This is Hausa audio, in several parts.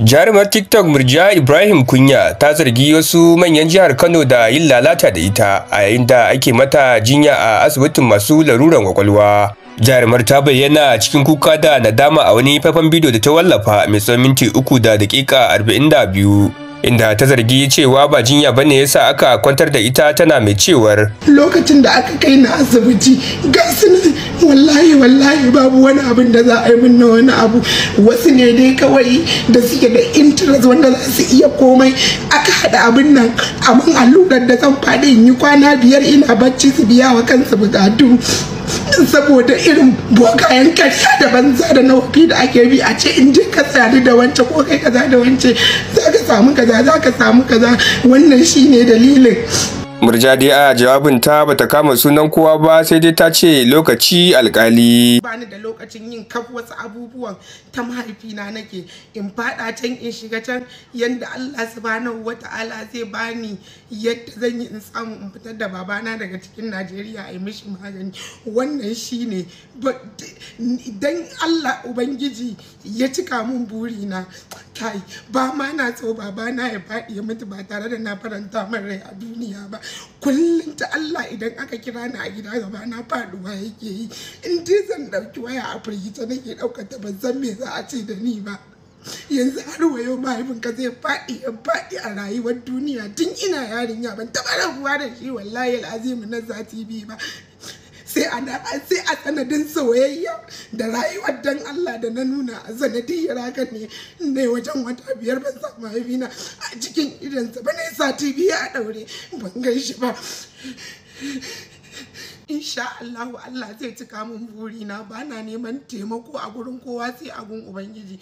Jarumar TikTok Murja Ibrahim Kunya ta zargi wasu manyan jihar Kano da yin lalata da ita a yayin da ake mata jinya a asibitin masu laruran kwakwalwa. Jarumar ta bayyana cikin kuka da nadama a wani faifan bidiyo da ta wallafa mai tsawon minti uku da dakika arba'in da biyu inda ta zargi cewa ba jinya ba bane yasa aka kwantar da ita tana mai cewar lokacin da aka kai na asibiti gasu wallahi wallahi babu wani abin da za a yi min na wani abu wasu ne dai kawai da suke da interest wanda za su iya komai aka haɗa abin nan amma allurar da zan faɗi in yi kwana biyar ina bacci su biya wa kansu bukatu saboda irin bokayen kasa da banza da nawafi da ake bi a ce in je ka tsari da wance ko kai kaza da wance za samu kaza za ka samu kaza wannan shine dalilin murjadi a jawabin ta bata kama sunan kowa ba sai dai ta ce lokaci alkali bani da lokacin yin kaf wasu abubuwan ta mahaifina nake in fada can in shiga can yadda Allah subhanahu wata'ala zai bani yadda zan yi in samu in fitar da babana daga cikin Najeriya a yi mishi magani wannan shine dan Allah ubangiji ya cika mun burina kai ba ma na so babana ya faɗi ya mutu ba tare da na faranta min rai a duniya ba kullum ta Allah idan aka kira ni a gida gaba na faduwa yake yi in ji zan dauki waya a firgita nake daukar ta ban san me za a ce da ni ba yanzu har wayo mahaifinka zai faɗi ya faɗi a rayuwar duniya tun ina yarinya ban taɓa rabuwa da shi wallahi al'azimu na zati biyu ba sai a sanadin soyayya da rayuwar dan Allah da na nuna a sanadiyar haka ne ne wajen wata biyar ban sa mahaifina a cikin idansa ba ne sati biyu a daure ban gan shi ba insha Allahu Allah zai cika min burina ba na neman taimako a gurin kowa sai a gun Ubangiji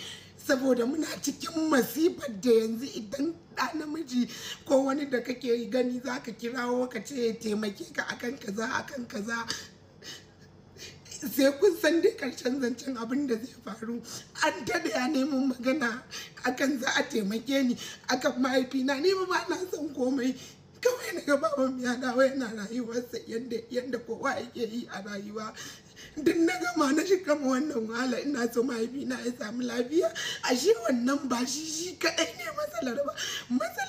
saboda muna cikin masifar da yanzu idan ɗa namiji ko wani da kake gani za ka kirawo ka ce taimake ka akan kaza akan kaza sai kun san dai karshen zancen abin da zai faru an tada ya neman magana akan za a taimake ni akan mahaifina ni ba ba na son komai kawai na gaba baban ya dawo yana rayuwarsa yadda kowa yake yi a rayuwa duk na gama na shiga ma wannan wahala ina so mahaifina ya samu lafiya ashe wannan ba shi shi kadai ne matsalar ba matsalar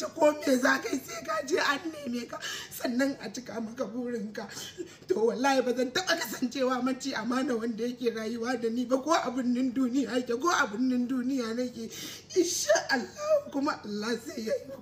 mace ko me za kai sai ka je an neme ka sannan a cika maka burin ka to wallahi ba zan taɓa kasancewa mace amana wanda yake rayuwa da ni ba ko abin birnin duniya ke ko a birnin duniya nake insha Allah kuma Allah sai ya yi